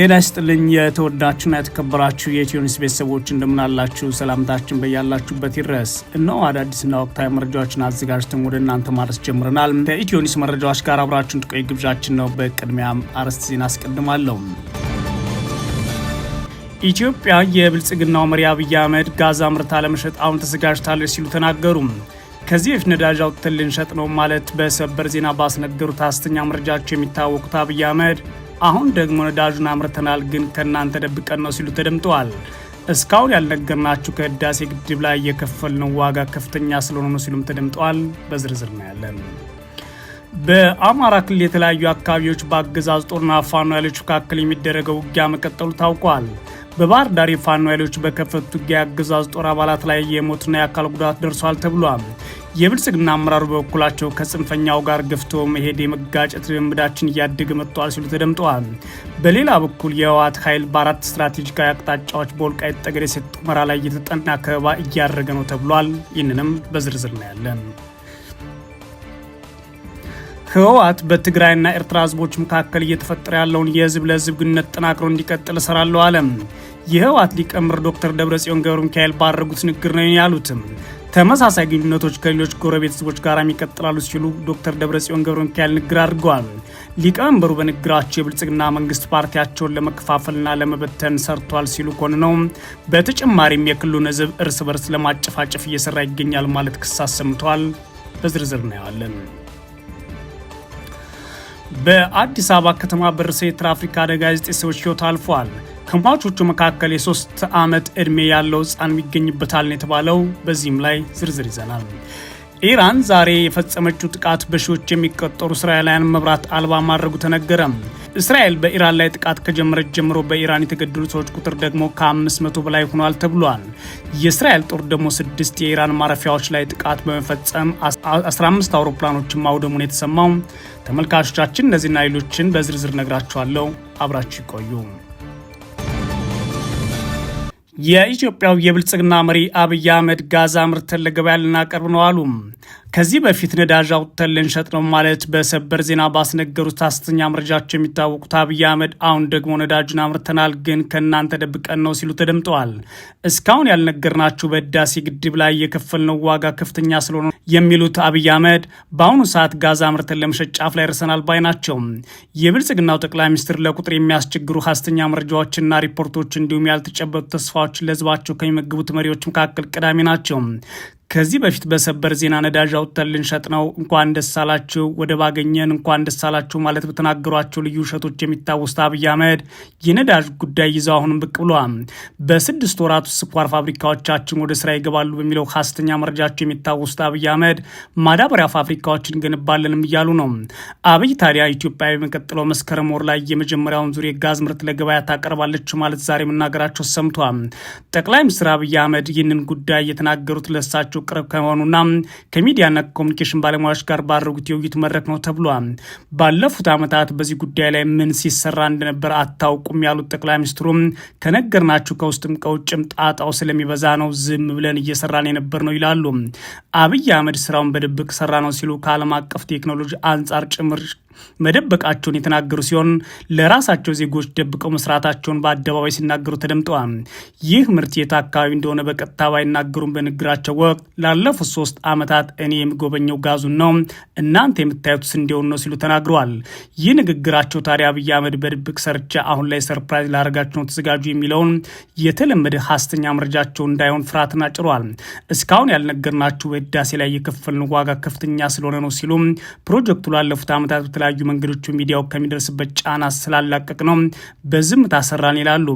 ጤና ይስጥልኝ የተወዳችሁና የተከበራችሁ የኢትዮኒስ ቤተሰቦች እንደምናላችሁ ሰላምታችን በያላችሁበት ይድረስ። እነሆ አዳዲስና ወቅታዊ መረጃዎችን አዘጋጅተን ወደ እናንተ ማድረስ ጀምረናል። ከኢትዮኒስ መረጃዎች ጋር አብራችሁን ጥቆይ ግብዣችን ነው። በቅድሚያም አርዕስተ ዜና አስቀድማለሁ። ኢትዮጵያ የብልጽግናው መሪ አብይ አህመድ ጋዛ ምርታ ለመሸጥ አሁን ተዘጋጅታለች ሲሉ ተናገሩ። ከዚህ በፊት ነዳጅ አውጥተን ልንሸጥ ነው ማለት በሰበር ዜና ባስነገሩት ሐሰተኛ መረጃቸው የሚታወቁት አብይ አህመድ አሁን ደግሞ ነዳጁን አምርተናል ግን ከእናንተ ደብቀን ነው ሲሉ ተደምጠዋል። እስካሁን ያልነገርናችሁ ከህዳሴ ግድብ ላይ የከፈልነው ዋጋ ከፍተኛ ስለሆነ ነው ሲሉም ተደምጠዋል። በዝርዝር እናያለን። በአማራ ክልል የተለያዩ አካባቢዎች በአገዛዝ ጦርና ፋኖ ኃይሎች መካከል የሚደረገው ውጊያ መቀጠሉ ታውቋል። በባህር ዳር የፋኖ ኃይሎች በከፈቱት ውጊያ የአገዛዝ ጦር አባላት ላይ የሞትና የአካል ጉዳት ደርሷል ተብሏል። የብልጽግና አመራሩ በበኩላቸው ከጽንፈኛው ጋር ገፍቶ መሄድ የመጋጨት ልምምዳችን እያደገ መጥተዋል ሲሉ ተደምጠዋል። በሌላ በኩል የህወሓት ኃይል በአራት ስትራቴጂካዊ አቅጣጫዎች በወልቃይት ጠገዴ ሰቲት ሁመራ ላይ እየተጠና ከበባ እያደረገ ነው ተብሏል። ይህንንም በዝርዝር እናያለን። ህወሓት በትግራይና ኤርትራ ህዝቦች መካከል እየተፈጠረ ያለውን የህዝብ ለህዝብ ግንኙነት ጠናክሮ እንዲቀጥል እሰራለሁ አለም። የህወሓት ሊቀመንበር ዶክተር ደብረጽዮን ገብረ ሚካኤል ባደረጉት ንግግር ነው ያሉትም ተመሳሳይ ግንኙነቶች ከሌሎች ጎረቤት ህዝቦች ጋር ይቀጥላሉ ሲሉ ዶክተር ደብረጽዮን ገብረ ሚካኤል ንግግር አድርገዋል። ሊቀመንበሩ በንግግራቸው የብልጽግና መንግስት ፓርቲያቸውን ለመከፋፈልና ለመበተን ሰርቷል ሲሉ ኮን ነው። በተጨማሪም የክልሉን ህዝብ እርስ በርስ ለማጨፋጨፍ እየሰራ ይገኛል ማለት ክስ አሰምተዋል። በዝርዝር እናየዋለን። በአዲስ አበባ ከተማ በደረሰ የትራፊክ አደጋ የዘጠኝ ሰዎች ህይወት አልፏል። ከሟቾቹ መካከል የሶስት ዓመት ዕድሜ ያለው ህፃን ይገኝበታል ነው የተባለው። በዚህም ላይ ዝርዝር ይዘናል። ኢራን ዛሬ የፈጸመችው ጥቃት በሺዎች የሚቆጠሩ እስራኤላውያን መብራት አልባ ማድረጉ ተነገረ። እስራኤል በኢራን ላይ ጥቃት ከጀመረች ጀምሮ በኢራን የተገደሉ ሰዎች ቁጥር ደግሞ ከ500 በላይ ሆኗል ተብሏል። የእስራኤል ጦር ደግሞ ስድስት የኢራን ማረፊያዎች ላይ ጥቃት በመፈጸም 15 አውሮፕላኖችን ማውደሙን የተሰማው። ተመልካቾቻችን እነዚህና ሌሎችን በዝርዝር ነግራችኋለሁ። አብራችሁ ይቆዩ። የኢትዮጵያው የብልጽግና መሪ አብይ አህመድ ጋዛ ምርትን ለገበያ ልናቀርብ ነው አሉ። ከዚህ በፊት ነዳጅ አውጥተን ልንሸጥ ነው ማለት በሰበር ዜና ባስነገሩት ሐሰተኛ መረጃቸው የሚታወቁት አብይ አህመድ አሁን ደግሞ ነዳጁን አምርተናል ግን ከእናንተ ደብቀን ነው ሲሉ ተደምጠዋል። እስካሁን ያልነገርናችሁ በህዳሴ ግድብ ላይ የከፈልነው ዋጋ ከፍተኛ ስለሆነ የሚሉት አብይ አህመድ በአሁኑ ሰዓት ጋዝ አምርተን ለመሸጥ ጫፍ ላይ ደርሰናል ባይ ናቸው። የብልጽግናው ጠቅላይ ሚኒስትር ለቁጥር የሚያስቸግሩ ሐሰተኛ መረጃዎችና ሪፖርቶች እንዲሁም ያልተጨበጡ ተስፋዎች ለህዝባቸው ከሚመግቡት መሪዎች መካከል ቀዳሚ ናቸው። ከዚህ በፊት በሰበር ዜና ነዳጅ አውጥተን ልንሸጥ ነው እንኳን ደስ አላችሁ ወደብ አገኘን እንኳን ደስ አላችሁ ማለት በተናገሯቸው ልዩ ውሸቶች የሚታወሱት አብይ አህመድ የነዳጅ ጉዳይ ይዘው አሁንም ብቅ ብሏል። በስድስት ወራት ውስጥ ስኳር ፋብሪካዎቻችን ወደ ስራ ይገባሉ በሚለው ሀሰተኛ መረጃቸው የሚታወሱት አብይ አህመድ ማዳበሪያ ፋብሪካዎችን እንገነባለንም እያሉ ነው። አብይ ታዲያ ኢትዮጵያ በሚቀጥለው መስከረም ወር ላይ የመጀመሪያውን ዙር የጋዝ ምርት ለገበያ ታቀርባለች ማለት ዛሬ መናገራቸው ሰምቷል። ጠቅላይ ሚኒስትር አብይ አህመድ ይህንን ጉዳይ የተናገሩት ለሳቸው ጉዳያቸው ቅርብ ከመሆኑና ከሚዲያና ከኮሚኒኬሽን ባለሙያዎች ጋር ባደረጉት የውይይት መድረክ ነው ተብሏል። ባለፉት ዓመታት በዚህ ጉዳይ ላይ ምን ሲሰራ እንደነበር አታውቁም ያሉት ጠቅላይ ከነገር ከነገርናችሁ ከውስጥም ከውጭም ጣጣው ስለሚበዛ ነው ዝም ብለን እየሰራን የነበር ነው ይላሉ። አብይ አህመድ ስራውን በድብቅ ሰራ ነው ሲሉ ከዓለም አቀፍ ቴክኖሎጂ አንጻር ጭምር መደበቃቸውን የተናገሩ ሲሆን ለራሳቸው ዜጎች ደብቀው መስራታቸውን በአደባባይ ሲናገሩ ተደምጠዋል። ይህ ምርት የት አካባቢ እንደሆነ በቀጥታ ባይናገሩም በንግግራቸው ወቅት ላለፉት ሶስት ዓመታት እኔ የሚጎበኘው ጋዙን ነው፣ እናንተ የምታዩት ስንዴውን ነው ሲሉ ተናግረዋል። ይህ ንግግራቸው ታዲያ አብይ አህመድ በድብቅ ሰርቻ አሁን ላይ ሰርፕራይዝ ላደረጋቸው ነው ተዘጋጁ የሚለውን የተለመደ ሀስተኛ መረጃቸው እንዳይሆን ፍርሃትን አጭሯል። እስካሁን ያልነገርናችሁ በህዳሴ ላይ የከፈልነው ዋጋ ከፍተኛ ስለሆነ ነው ሲሉም ፕሮጀክቱ ላለፉት ዓመታት በተለያዩ መንገዶቹ ሚዲያው ከሚደርስበት ጫና ስላላቀቅ ነው በዝምታ ሰራን ይላሉ።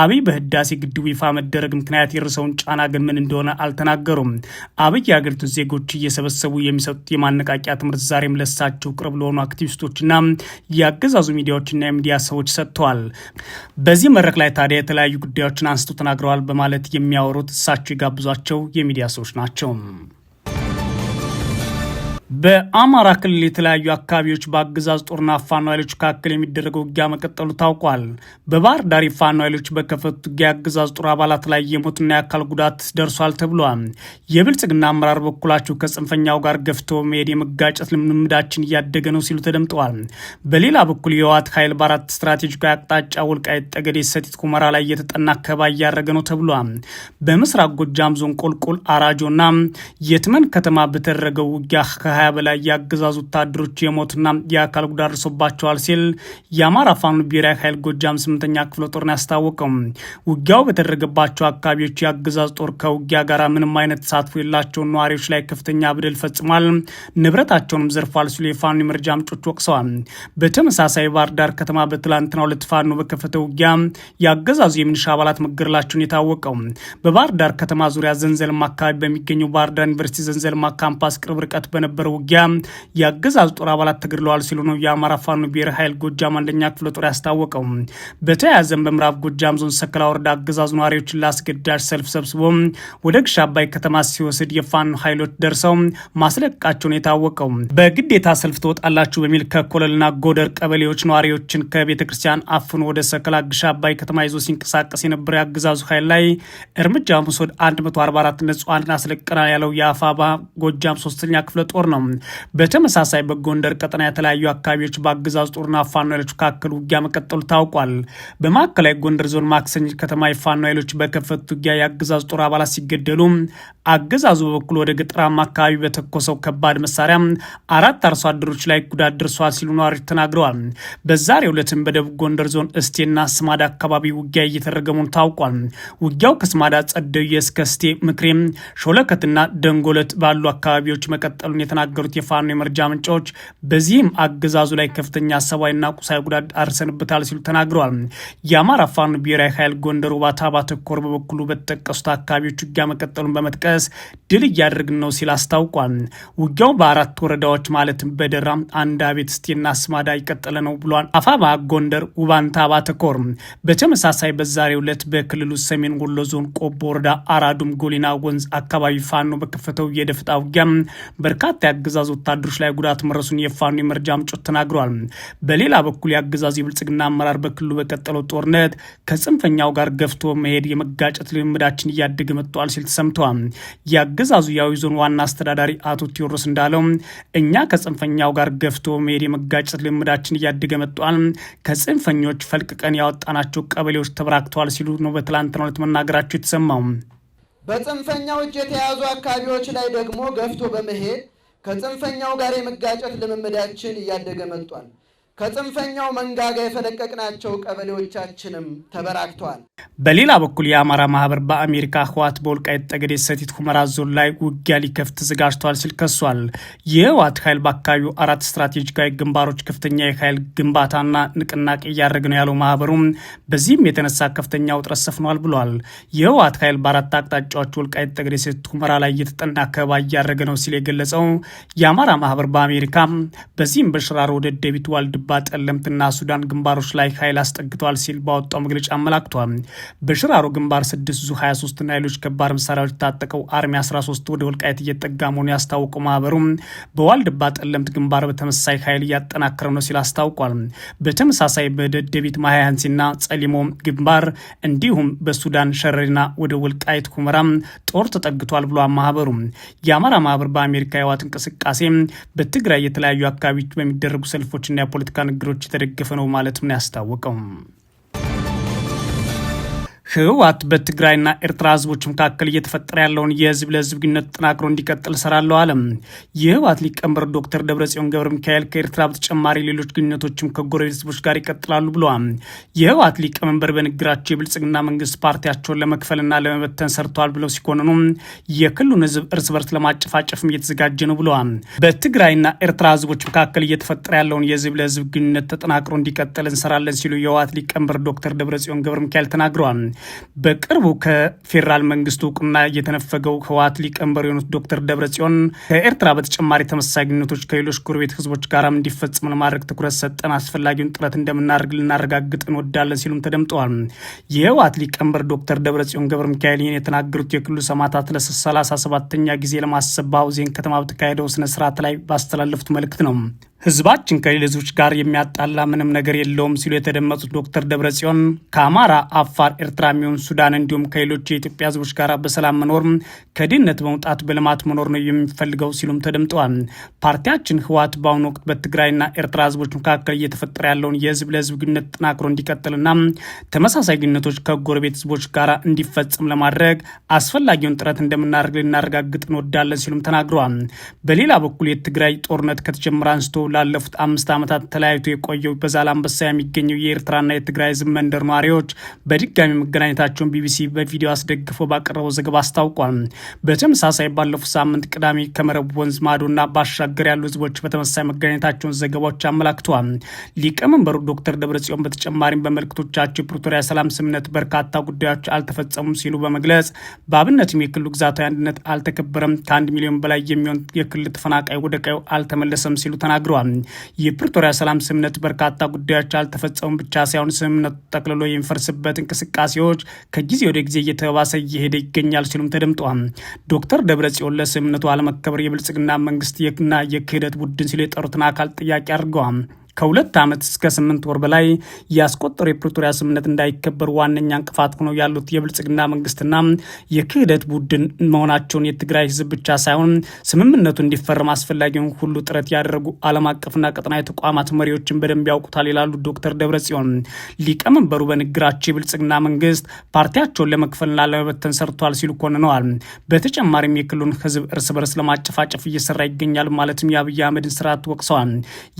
አብይ በህዳሴ ግድቡ ይፋ መደረግ ምክንያት የደረሰውን ጫና ግን ምን እንደሆነ አልተናገሩም። አብይ የአገሪቱ ዜጎች እየሰበሰቡ የሚሰጡት የማነቃቂያ ትምህርት ዛሬም ለሳቸው ቅርብ ለሆኑ አክቲቪስቶችና የአገዛዙ ሚዲያዎችና የሚዲያ ሰዎች ሰጥተዋል። በዚህ መድረክ ላይ ታዲያ የተለያዩ ጉዳዮችን አንስቶ ተናግረዋል በማለት የሚያወሩት እሳቸው የጋብዟቸው የሚዲያ ሰዎች ናቸው። በአማራ ክልል የተለያዩ አካባቢዎች በአገዛዝ ጦርና ፋኖ ኃይሎች መካከል የሚደረገው ውጊያ መቀጠሉ ታውቋል። በባህር ዳር የፋኖ ኃይሎች በከፈቱት ውጊያ የአገዛዝ ጦር አባላት ላይ የሞትና የአካል ጉዳት ደርሷል ተብሏል። የብልጽግና አመራር በኩላቸው ከጽንፈኛው ጋር ገፍቶ መሄድ የመጋጨት ልምምዳችን እያደገ ነው ሲሉ ተደምጠዋል። በሌላ በኩል የህወሓት ኃይል በአራት ስትራቴጂካዊ አቅጣጫ ወልቃይት፣ ጠገዴ፣ ሰቲት ሁመራ ላይ እየተጠና ከባ እያደረገ ነው ተብሏል። በምስራቅ ጎጃም ዞን ቆልቆል አራጆና የትመን ከተማ በተደረገው ውጊያ ከሀያ በላይ የአገዛዙ ወታደሮች የሞትና የአካል ጉዳት ደርሶባቸዋል ሲል የአማራ ፋኖ ብሔራዊ ኃይል ጎጃም ስምንተኛ ክፍለ ጦርን ያስታወቀው ውጊያው በተደረገባቸው አካባቢዎች የአገዛዝ ጦር ከውጊያ ጋር ምንም አይነት ተሳትፎ የላቸውን ነዋሪዎች ላይ ከፍተኛ በደል ፈጽሟል፣ ንብረታቸውንም ዘርፏል ሲሉ የፋኖ የመረጃ ምንጮች ወቅሰዋል። በተመሳሳይ ባህር ዳር ከተማ በትላንትና ሁለት ፋኖ በከፈተ ውጊያ የአገዛዙ የሚኒሻ አባላት መገደላቸውን የታወቀው በባህር ዳር ከተማ ዙሪያ ዘንዘልማ አካባቢ በሚገኘው ባህር ዳር ዩኒቨርሲቲ ዘንዘልማ ካምፓስ ቅርብ ርቀት በነበረ በነበረው ውጊያ የአገዛዝ ጦር አባላት ተገድለዋል ሲሉ ነው የአማራ ፋኖ ብሔራዊ ኃይል ጎጃም አንደኛ ክፍለ ጦር ያስታወቀው። በተያያዘም በምዕራብ ጎጃም ዞን ሰከላ ወረዳ አገዛዙ ነዋሪዎችን ለአስገዳጅ ሰልፍ ሰብስቦ ወደ ግሽ አባይ ከተማ ሲወስድ የፋኖ ኃይሎች ደርሰው ማስለቀቃቸውን የታወቀው በግዴታ ሰልፍ ትወጣላችሁ በሚል ከኮለልና ጎደር ቀበሌዎች ነዋሪዎችን ከቤተ ክርስቲያን አፍኖ ወደ ሰከላ ግሽ አባይ ከተማ ይዞ ሲንቀሳቀስ የነበረው የአገዛዙ ኃይል ላይ እርምጃ መውሰድ 144 ንጹሃንን አስለቀናል ያለው የአፋባ ጎጃም ሶስተኛ ክፍለ ጦር ነው። ነው። በተመሳሳይ በጎንደር ቀጠና የተለያዩ አካባቢዎች በአግዛዝ ጦርና ፋኖ ኃይሎች መካከል ውጊያ መቀጠሉ ታውቋል። በማዕከላዊ ጎንደር ዞን ማክሰኝ ከተማ የፋኖ ኃይሎች በከፈቱት ውጊያ የአገዛዙ ጦር አባላት ሲገደሉ አገዛዙ በበኩል ወደ ገጠራማ አካባቢ በተኮሰው ከባድ መሳሪያ አራት አርሶ አደሮች ላይ ጉዳት ደርሷል ሲሉ ነዋሪዎች ተናግረዋል። በዛሬ ዕለትም በደቡብ ጎንደር ዞን እስቴና ስማዳ አካባቢ ውጊያ እየተደረገ መሆኑ ታውቋል። ውጊያው ከስማዳ ጸደዩ እስከ እስቴ ምክሬም፣ ሾለከትና ደንጎለት ባሉ አካባቢዎች መቀጠሉን የተናገሩት የፋኖ የመረጃ ምንጫዎች በዚህም አገዛዙ ላይ ከፍተኛ ሰብአዊና ቁሳዊ ጉዳት አርሰንበታል ሲሉ ተናግረዋል። የአማራ ፋኖ ብሔራዊ ኃይል ጎንደር ውባታ ባተኮር በበኩሉ በተጠቀሱት አካባቢዎች ውጊያ መቀጠሉን በመጥቀ በመቀስቀስ ድል እያደረግን ነው ሲል አስታውቋል። ውጊያው በአራት ወረዳዎች ማለትም በደራ፣ አቤት ስቴና አስማዳ የቀጠለ ነው ብሏል። አፋባ ጎንደር ውባንታ ባተኮር በተመሳሳይ በዛሬው ዕለት በክልሉ ሰሜን ወሎ ዞን ቆቦ ወረዳ አራዱም ጎሊና ወንዝ አካባቢ ፋኖ በከፈተው የደፍጣ ውጊያ በርካታ የአገዛዝ ወታደሮች ላይ ጉዳት መረሱን የፋኖ የመረጃ ምንጮች ተናግረዋል። በሌላ በኩል የአገዛዝ የብልጽግና አመራር በክልሉ በቀጠለው ጦርነት ከጽንፈኛው ጋር ገፍቶ መሄድ የመጋጨት ልምምዳችን እያደገ መጥተዋል ሲል ተሰምተዋል። የአገዛዙ ያዊ ዞን ዋና አስተዳዳሪ አቶ ቴዎድሮስ እንዳለው እኛ ከጽንፈኛው ጋር ገፍቶ መሄድ የመጋጨት ልምዳችን እያደገ መጥቷል። ከጽንፈኞች ፈልቅቀን ያወጣናቸው ቀበሌዎች ተበራክተዋል ሲሉ ነው በትላንትናው ዕለት መናገራቸው የተሰማው። በጽንፈኛዎች የተያዙ አካባቢዎች ላይ ደግሞ ገፍቶ በመሄድ ከጽንፈኛው ጋር የመጋጨት ልምምዳችን እያደገ መጥቷል። ከጽንፈኛው መንጋጋ የፈለቀቅናቸው ቀበሌዎቻችንም ተበራክተዋል። በሌላ በኩል የአማራ ማህበር በአሜሪካ ህወሓት በወልቃይት ጠገዴ ሰቲት ሁመራ ዞን ላይ ውጊያ ሊከፍት ተዘጋጅቷል ሲል ከሷል። የህወሓት ኃይል በአካባቢው አራት ስትራቴጂካዊ ግንባሮች ከፍተኛ የኃይል ግንባታና ንቅናቄ እያደረግ ነው ያለው ማህበሩም በዚህም የተነሳ ከፍተኛ ውጥረት ሰፍኗል ብሏል። የህወሓት ኃይል በአራት አቅጣጫዎች ወልቃይት ጠገዴ ሰቲት ሁመራ ላይ እየተጠና ከበባ እያደረገ ነው ሲል የገለጸው የአማራ ማህበር በአሜሪካ በዚህም በሽራሮ ደደቢት ዋልድ በጁባ ጠለምትና ሱዳን ግንባሮች ላይ ኃይል አስጠግተዋል ሲል ባወጣው መግለጫ አመላክቷል። በሽራሮ ግንባር ስድስት ዙ 23ና ሌሎች ከባድ መሳሪያዎች የታጠቀው አርሚ 13 ወደ ወልቃይት እየጠጋ መሆኑ ያስታወቁ ማህበሩም በዋልድባ ጠለምት ግንባር በተመሳሳይ ኃይል እያጠናከረ ነው ሲል አስታውቋል። በተመሳሳይ በደደቢት ና ጸሊሞ ግንባር እንዲሁም በሱዳን ሸረሪና ወደ ወልቃይት ሁመራም ጦር ተጠግቷል ብሏል። ማህበሩ የአማራ ማህበር በአሜሪካ የዋት እንቅስቃሴ በትግራይ የተለያዩ አካባቢዎች በሚደረጉ ሰልፎችና የፖለቲካ የፖለቲካ ንግግሮች የተደገፈ ነው ማለት ምን ያስታወቀው ህወሓት በትግራይና ኤርትራ ህዝቦች መካከል እየተፈጠረ ያለውን የህዝብ ለህዝብ ግንኙነት ተጠናክሮ እንዲቀጥል እሰራለሁ አለም። የህወሓት ሊቀመንበር ዶክተር ደብረጽዮን ገብረ ሚካኤል ከኤርትራ በተጨማሪ ሌሎች ግንኙነቶችም ከጎረቤት ህዝቦች ጋር ይቀጥላሉ ብለዋል። የህወሓት ሊቀመንበር በንግግራቸው የብልጽግና መንግስት ፓርቲያቸውን ለመክፈልና ለመበተን ሰርተዋል ብለው ሲኮንኑ የክልሉን ህዝብ እርስ በርስ ለማጨፋጨፍም እየተዘጋጀ ነው ብለዋል። በትግራይና ኤርትራ ህዝቦች መካከል እየተፈጠረ ያለውን የህዝብ ለህዝብ ግንኙነት ተጠናክሮ እንዲቀጥል እንሰራለን ሲሉ የህወሓት ሊቀመንበር ዶክተር ደብረጽዮን ገብረ ሚካኤል ተናግረዋል። በቅርቡ ከፌዴራል መንግስቱ እውቅና የተነፈገው ህወሓት ሊቀመንበር የሆኑት ዶክተር ደብረጽዮን ከኤርትራ በተጨማሪ ተመሳሳይ ግንኙነቶች ከሌሎች ጎረቤት ህዝቦች ጋር እንዲፈጽም ለማድረግ ትኩረት ሰጠን አስፈላጊውን ጥረት እንደምናደርግ ልናረጋግጥ እንወዳለን ሲሉም ተደምጠዋል። የህወሓት ሊቀመንበር ዶክተር ደብረጽዮን ገብረ ሚካኤል የተናገሩት የክልሉ ሰማዕታት ለሰላሳ ሰባተኛ ጊዜ ለማሰብ በሐውዜን ከተማ በተካሄደው ስነስርዓት ላይ ባስተላለፉት መልእክት ነው። ህዝባችን ከሌሎች ህዝቦች ጋር የሚያጣላ ምንም ነገር የለውም ሲሉ የተደመጡት ዶክተር ደብረጽዮን ከአማራ፣ አፋር፣ ኤርትራ የሚሆን ሱዳን እንዲሁም ከሌሎች የኢትዮጵያ ህዝቦች ጋር በሰላም መኖር ከድህነት በመውጣት በልማት መኖር ነው የሚፈልገው ሲሉም ተደምጠዋል። ፓርቲያችን ህወሓት በአሁኑ ወቅት በትግራይና ኤርትራ ህዝቦች መካከል እየተፈጠረ ያለውን የህዝብ ለህዝብ ግንኙነት ጠናክሮ እንዲቀጥልና ተመሳሳይ ግንኙነቶች ከጎረቤት ህዝቦች ጋር እንዲፈጽም ለማድረግ አስፈላጊውን ጥረት እንደምናደርግ ልናረጋግጥ እንወዳለን ሲሉም ተናግረዋል። በሌላ በኩል የትግራይ ጦርነት ከተጀመረ አንስቶ ላለፉት አምስት ዓመታት ተለያይቶ የቆየው በዛላምበሳ የሚገኘው የኤርትራና የትግራይ ህዝብ መንደር ነዋሪዎች በድጋሚ መገናኘታቸውን ቢቢሲ በቪዲዮ አስደግፎ ባቀረበው ዘገባ አስታውቋል። በተመሳሳይ ባለፉት ሳምንት ቅዳሜ ከመረብ ወንዝ ማዶና ባሻገር ያሉ ህዝቦች በተመሳሳይ መገናኘታቸውን ዘገባዎች አመላክተዋል። ሊቀመንበሩ ዶክተር ደብረጽዮን በተጨማሪም በመልእክቶቻቸው የፕሪቶሪያ ሰላም ስምምነት በርካታ ጉዳዮች አልተፈጸሙም ሲሉ በመግለጽ በአብነትም የክልሉ ግዛታዊ አንድነት አልተከበረም፣ ከአንድ ሚሊዮን በላይ የሚሆን የክልል ተፈናቃይ ወደ ቀዬው አልተመለሰም ሲሉ ተናግረዋል። ተናግረዋል። የፕሪቶሪያ ሰላም ስምምነት በርካታ ጉዳዮች አልተፈጸሙም ብቻ ሳይሆን ስምምነቱ ጠቅልሎ የሚፈርስበት እንቅስቃሴዎች ከጊዜ ወደ ጊዜ እየተባሰ እየሄደ ይገኛል ሲሉም ተደምጠዋል። ዶክተር ደብረጽዮን ለስምምነቱ አለመከበር የብልጽግና መንግስትና የክህደት ቡድን ሲሉ የጠሩትን አካል ጥያቄ አድርገዋል። ከሁለት ዓመት እስከ ስምንት ወር በላይ ያስቆጠሩ የፕሪቶሪያ ስምምነት እንዳይከበር ዋነኛ እንቅፋት ሆነው ያሉት የብልጽግና መንግስትና የክህደት ቡድን መሆናቸውን የትግራይ ህዝብ ብቻ ሳይሆን ስምምነቱ እንዲፈርም አስፈላጊውን ሁሉ ጥረት ያደረጉ ዓለም አቀፍና ቀጠናዊ ተቋማት መሪዎችን በደንብ ያውቁታል ይላሉ ዶክተር ደብረጽዮን። ሊቀመንበሩ በንግግራቸው የብልጽግና መንግስት ፓርቲያቸውን ለመክፈልና ለመበተን ሰርቷል ሲሉ ኮንነዋል። በተጨማሪም የክልሉን ህዝብ እርስ በርስ ለማጨፋጨፍ እየሰራ ይገኛል ማለትም የአብይ አህመድን ስርዓት ወቅሰዋል።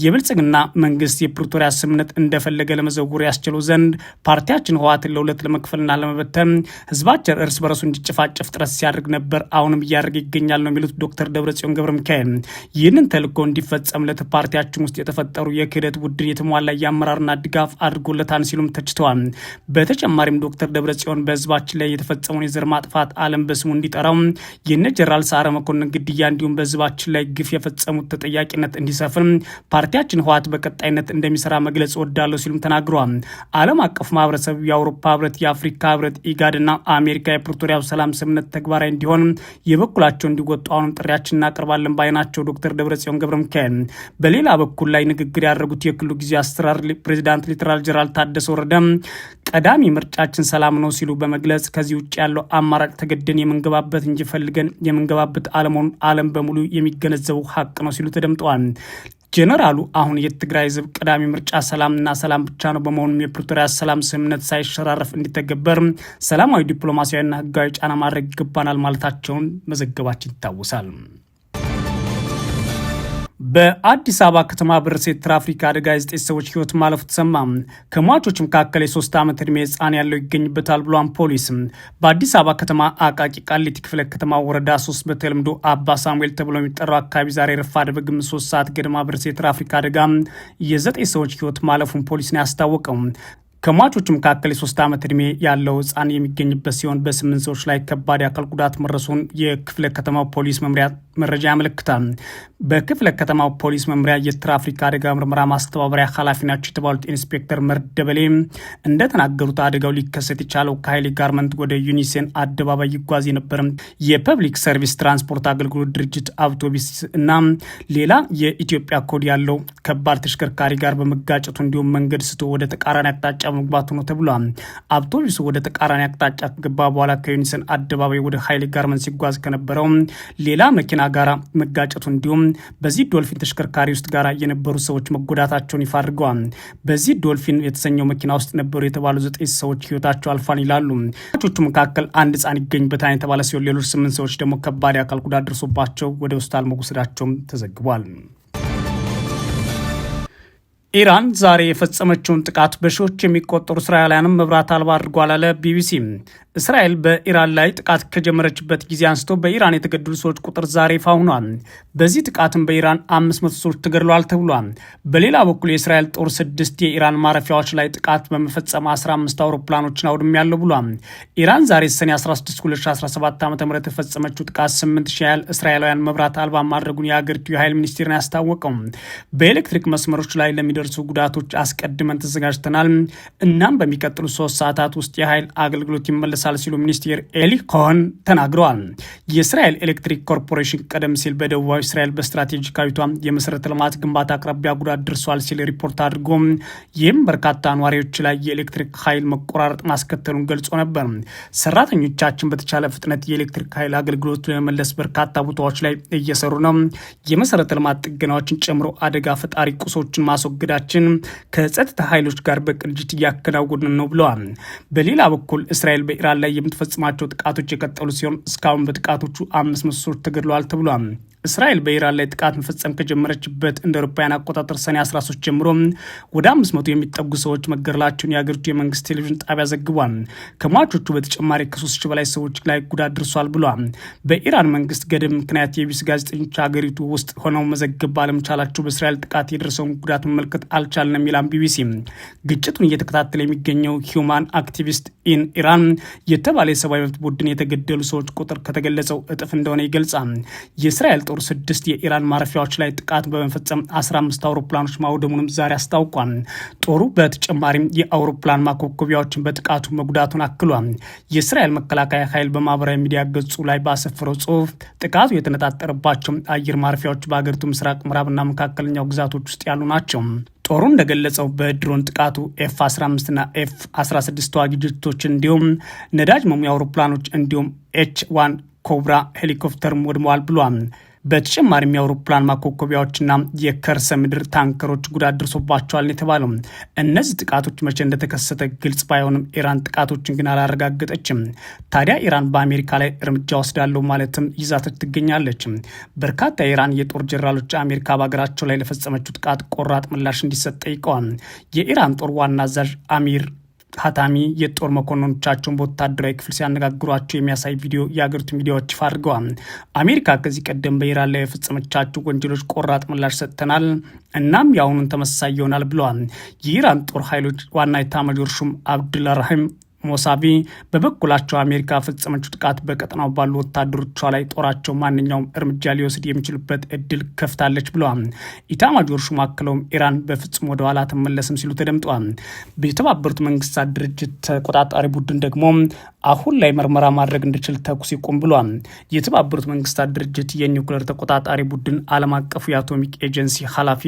የብልጽግና መንግስት የፕሪቶሪያ ስምምነት እንደፈለገ ለመዘውር ያስችለው ዘንድ ፓርቲያችን ህወሓትን ለሁለት ለመክፈልና ለመበተን ህዝባችን እርስ በርሱ እንዲጨፋጨፍ ጥረት ሲያደርግ ነበር፣ አሁንም እያደረገ ይገኛል ነው የሚሉት ዶክተር ደብረጽዮን ገብረ ሚካኤል። ይህንን ተልእኮ እንዲፈጸምለት ፓርቲያችን ውስጥ የተፈጠሩ የክህደት ቡድን የተሟላ የአመራርና ድጋፍ አድርጎለታን ሲሉም ተችተዋል። በተጨማሪም ዶክተር ደብረጽዮን በህዝባችን ላይ የተፈጸመውን የዘር ማጥፋት አለም በስሙ እንዲጠራው የነ ጀነራል ሰዓረ መኮንን ግድያ እንዲሁም በህዝባችን ላይ ግፍ የፈጸሙት ተጠያቂነት እንዲሰፍን ፓርቲያችን ህወሓት በቀ በቀጣይነት እንደሚሰራ መግለጽ እወዳለሁ ሲሉም ተናግረዋል። ዓለም አቀፍ ማህበረሰብ፣ የአውሮፓ ህብረት፣ የአፍሪካ ህብረት፣ ኢጋድና አሜሪካ የፕሪቶሪያው ሰላም ስምምነት ተግባራዊ እንዲሆን የበኩላቸው እንዲወጡ አሁንም ጥሪያችን እናቀርባለን ባይ ናቸው ዶክተር ደብረጽዮን ገብረ ሚካኤል። በሌላ በኩል ላይ ንግግር ያደረጉት የክልሉ ጊዜ አስተራር ፕሬዚዳንት ሌተናል ጀነራል ታደሰ ወረደ ቀዳሚ ምርጫችን ሰላም ነው ሲሉ በመግለጽ ከዚህ ውጭ ያለው አማራጭ ተገደን የምንገባበት እንጂ ፈልገን የምንገባበት አለመሆኑን አለም በሙሉ የሚገነዘቡ ሀቅ ነው ሲሉ ተደምጠዋል። ጄኔራሉ አሁን የትግራይ ህዝብ ቀዳሚ ምርጫ ሰላምና ሰላም ብቻ ነው። በመሆኑም የፕሪቶሪያ ሰላም ስምምነት ሳይሸራረፍ እንዲተገበር ሰላማዊ ዲፕሎማሲያዊና ህጋዊ ጫና ማድረግ ይገባናል ማለታቸውን መዘገባችን ይታወሳል። በአዲስ አበባ ከተማ ብርሴት ትራፊክ አደጋ የዘጠኝ ሰዎች ህይወት ማለፉ ተሰማ። ከሟቾች መካከል የሶስት ዓመት ዕድሜ ህፃን ያለው ይገኝበታል ብሏን ፖሊስ። በአዲስ አበባ ከተማ አቃቂ ቃሊቲ ክፍለ ከተማ ወረዳ ሶስት በተለምዶ አባ ሳሙኤል ተብሎ የሚጠራው አካባቢ ዛሬ ረፋድ በግምት ሶስት ሰዓት ገደማ ብርሴት ትራፊክ አደጋ የዘጠኝ ሰዎች ህይወት ማለፉን ፖሊስ ነው ያስታወቀው። ከሟቾቹ መካከል የሶስት ዓመት ዕድሜ ያለው ህፃን የሚገኝበት ሲሆን በስምንት ሰዎች ላይ ከባድ የአካል ጉዳት መድረሱን የክፍለ ከተማው ፖሊስ መምሪያ መረጃ ያመለክታል። በክፍለ ከተማው ፖሊስ መምሪያ የትራፊክ አደጋ ምርመራ ማስተባበሪያ ኃላፊ ናቸው የተባሉት ኢንስፔክተር መርደበሌ እንደተናገሩት አደጋው ሊከሰት የቻለው ከኃይሌ ጋርመንት ወደ ዩኒሴን አደባባይ ይጓዝ የነበረ የፐብሊክ ሰርቪስ ትራንስፖርት አገልግሎት ድርጅት አውቶቢስ እና ሌላ የኢትዮጵያ ኮድ ያለው ከባድ ተሽከርካሪ ጋር በመጋጨቱ እንዲሁም መንገድ ስቶ ወደ ተቃራኒ አቅጣጫ መግባቱ ነው ተብሏል። አውቶቡሱ ወደ ተቃራኒ አቅጣጫ ከገባ በኋላ ከዩኒሰን አደባባይ ወደ ኃይሌ ጋርመን ሲጓዝ ከነበረው ሌላ መኪና ጋር መጋጨቱ እንዲሁም በዚህ ዶልፊን ተሽከርካሪ ውስጥ ጋር የነበሩ ሰዎች መጎዳታቸውን ይፋ አድርገዋል። በዚህ ዶልፊን የተሰኘው መኪና ውስጥ ነበሩ የተባሉ ዘጠኝ ሰዎች ህይወታቸው አልፋን ይላሉ። ቹ መካከል አንድ ህፃን ይገኝበታል የተባለ ሲሆን ሌሎች ስምንት ሰዎች ደግሞ ከባድ አካል ጉዳት ደርሶባቸው ወደ ሆስፒታል መወሰዳቸውም ተዘግቧል። ኢራን ዛሬ የፈጸመችውን ጥቃት በሺዎች የሚቆጠሩ እስራኤላውያንም መብራት አልባ አድርጓል አለ ቢቢሲ። እስራኤል በኢራን ላይ ጥቃት ከጀመረችበት ጊዜ አንስቶ በኢራን የተገደሉ ሰዎች ቁጥር ዛሬ ይፋ ሆኗል። በዚህ ጥቃትም በኢራን አምስት መቶ ሰዎች ተገድለዋል ተብሏል። በሌላ በኩል የእስራኤል ጦር ስድስት የኢራን ማረፊያዎች ላይ ጥቃት በመፈጸም 15 አውሮፕላኖችን አውድም ያለው ብሏል። ኢራን ዛሬ ሰኔ 16 2017 ዓ ም የፈጸመችው ጥቃት 8 ሺ ያህል እስራኤላውያን መብራት አልባ ማድረጉን የአገሪቱ የኃይል ሚኒስቴርን ያስታወቀው በኤሌክትሪክ መስመሮች ላይ ለሚደ ለሚደርሱ ጉዳቶች አስቀድመን ተዘጋጅተናል። እናም በሚቀጥሉ ሶስት ሰዓታት ውስጥ የኃይል አገልግሎት ይመለሳል ሲሉ ሚኒስትር ኤሊ ኮሆን ተናግረዋል። የእስራኤል ኤሌክትሪክ ኮርፖሬሽን ቀደም ሲል በደቡባዊ እስራኤል በስትራቴጂካዊቷ የመሰረተ ልማት ግንባታ አቅራቢያ ጉዳት ደርሷል ሲል ሪፖርት አድርጎ ይህም በርካታ ነዋሪዎች ላይ የኤሌክትሪክ ኃይል መቆራረጥ ማስከተሉን ገልጾ ነበር። ሰራተኞቻችን በተቻለ ፍጥነት የኤሌክትሪክ ኃይል አገልግሎት ለመመለስ በርካታ ቦታዎች ላይ እየሰሩ ነው። የመሰረተ ልማት ጥገናዎችን ጨምሮ አደጋ ፈጣሪ ቁሶችን ማስወገድ ልምምዳችን ከጸጥታ ኃይሎች ጋር በቅንጅት እያከናወንን ነው ብለዋል። በሌላ በኩል እስራኤል በኢራን ላይ የምትፈጽማቸው ጥቃቶች የቀጠሉ ሲሆን እስካሁን በጥቃቶቹ አምስት መቶ ሰዎች ተገድለዋል ተብሏል። እስራኤል በኢራን ላይ ጥቃት መፈጸም ከጀመረችበት እንደ አውሮፓውያን አቆጣጠር ሰኔ 13 ጀምሮ ወደ 500 የሚጠጉ ሰዎች መገደላቸውን የአገሪቱ የመንግስት ቴሌቪዥን ጣቢያ ዘግቧል። ከሟቾቹ በተጨማሪ ከሶስት ሺህ በላይ ሰዎች ላይ ጉዳት ደርሷል ብሏል። በኢራን መንግስት ገደብ ምክንያት የቢስ ጋዜጠኞች አገሪቱ ውስጥ ሆነው መዘገብ ባለመቻላቸው በእስራኤል ጥቃት የደረሰውን ጉዳት መመልከት አልቻልንም ይላል ቢቢሲ። ግጭቱን እየተከታተለ የሚገኘው ሂውማን አክቲቪስት ኢን ኢራን የተባለ የሰብአዊ መብት ቡድን የተገደሉ ሰዎች ቁጥር ከተገለጸው እጥፍ እንደሆነ ይገልጻል። የእስራኤል በሚቀሩ ስድስት የኢራን ማረፊያዎች ላይ ጥቃት በመፈጸም 15 አውሮፕላኖች ማውደሙንም ዛሬ አስታውቋል። ጦሩ በተጨማሪም የአውሮፕላን ማኮኮቢያዎችን በጥቃቱ መጉዳቱን አክሏል። የእስራኤል መከላከያ ኃይል በማህበራዊ ሚዲያ ገጹ ላይ ባሰፈረው ጽሁፍ ጥቃቱ የተነጣጠረባቸው አየር ማረፊያዎች በአገሪቱ ምስራቅ ምዕራብና መካከለኛው ግዛቶች ውስጥ ያሉ ናቸው። ጦሩ እንደገለጸው በድሮን ጥቃቱ ኤፍ 15 እና ኤፍ 16 ተዋጊ ጀቶች እንዲሁም ነዳጅ መሙያ አውሮፕላኖች እንዲሁም ኤች ዋን ኮብራ ሄሊኮፕተርም ወድመዋል ብሏል። በተጨማሪም የአውሮፕላን ማኮኮቢያዎችና የከርሰ ምድር ታንከሮች ጉዳት ደርሶባቸዋል የተባለው እነዚህ ጥቃቶች መቼ እንደተከሰተ ግልጽ ባይሆንም ኢራን ጥቃቶችን ግን አላረጋገጠችም። ታዲያ ኢራን በአሜሪካ ላይ እርምጃ ወስዳለሁ ማለትም ይዛተች ትገኛለች። በርካታ የኢራን የጦር ጀራሎች አሜሪካ በሀገራቸው ላይ ለፈጸመችው ጥቃት ቆራጥ ምላሽ እንዲሰጥ ጠይቀዋል። የኢራን ጦር ዋና አዛዥ አሚር ታታሚ የጦር መኮንኖቻቸውን በወታደራዊ ክፍል ሲያነጋግሯቸው የሚያሳይ ቪዲዮ የአገሪቱ ሚዲያዎች ይፋ አድርገዋል። አሜሪካ ከዚህ ቀደም በኢራን ላይ የፈጸመቻቸው ወንጀሎች ቆራጥ ምላሽ ሰጥተናል፣ እናም የአሁኑን ተመሳሳይ ይሆናል ብለዋል። የኢራን ጦር ኃይሎች ዋና ኤታማዦር ሹም አብዱላራሂም ሞሳቪ በበኩላቸው አሜሪካ ፈጸመችው ጥቃት በቀጠናው ባሉ ወታደሮቿ ላይ ጦራቸው ማንኛውም እርምጃ ሊወስድ የሚችልበት እድል ከፍታለች ብለዋል። ኢታማጆር ሹም አክለውም ኢራን በፍጹም ወደ ኋላ አትመለስም ሲሉ ተደምጠዋል። የተባበሩት መንግስታት ድርጅት ተቆጣጣሪ ቡድን ደግሞ አሁን ላይ ምርመራ ማድረግ እንዲችል ተኩስ ይቁም ብሏል። የተባበሩት መንግስታት ድርጅት የኒውክሌር ተቆጣጣሪ ቡድን ዓለም አቀፉ የአቶሚክ ኤጀንሲ ኃላፊ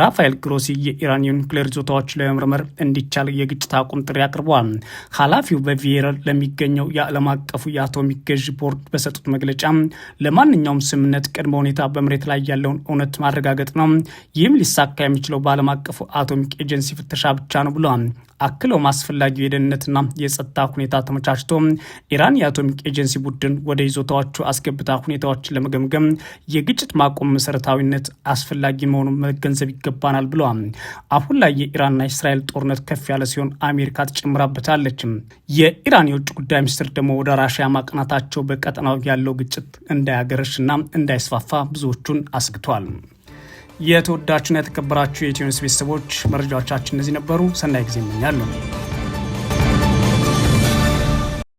ራፋኤል ግሮሲ የኢራን የኒውክሌር ዞታዎች ለመመርመር እንዲቻል የግጭት አቁም ጥሪ አቅርበዋል። ኃላፊው በቪየራ ለሚገኘው የዓለም አቀፉ የአቶሚክ ገዢ ቦርድ በሰጡት መግለጫ ለማንኛውም ስምምነት ቅድመ ሁኔታ በመሬት ላይ ያለውን እውነት ማረጋገጥ ነው። ይህም ሊሳካ የሚችለው በዓለም አቀፉ አቶሚክ ኤጀንሲ ፍተሻ ብቻ ነው ብለዋል። አክለውም አስፈላጊው የደህንነትና የጸጥታ ሁኔታ ተመቻችቶ ኢራን የአቶሚክ ኤጀንሲ ቡድን ወደ ይዞታዎቹ አስገብታ ሁኔታዎችን ለመገምገም የግጭት ማቆም መሰረታዊነት አስፈላጊ መሆኑን መገንዘብ ይገባናል ብለዋል። አሁን ላይ የኢራንና የእስራኤል ጦርነት ከፍ ያለ ሲሆን አሜሪካ ትጨምራበታለች። የኢራን የውጭ ጉዳይ ሚኒስትር ደግሞ ወደ ራሽያ ማቅናታቸው በቀጠናው ያለው ግጭት እንዳያገረሽና እንዳይስፋፋ ብዙዎቹን አስግቷል። የተወዳችሁና የተከበራችሁ የኢትዮንስ ቤተሰቦች መረጃዎቻችን እነዚህ ነበሩ። ሰናይ ጊዜ እመኛለሁ።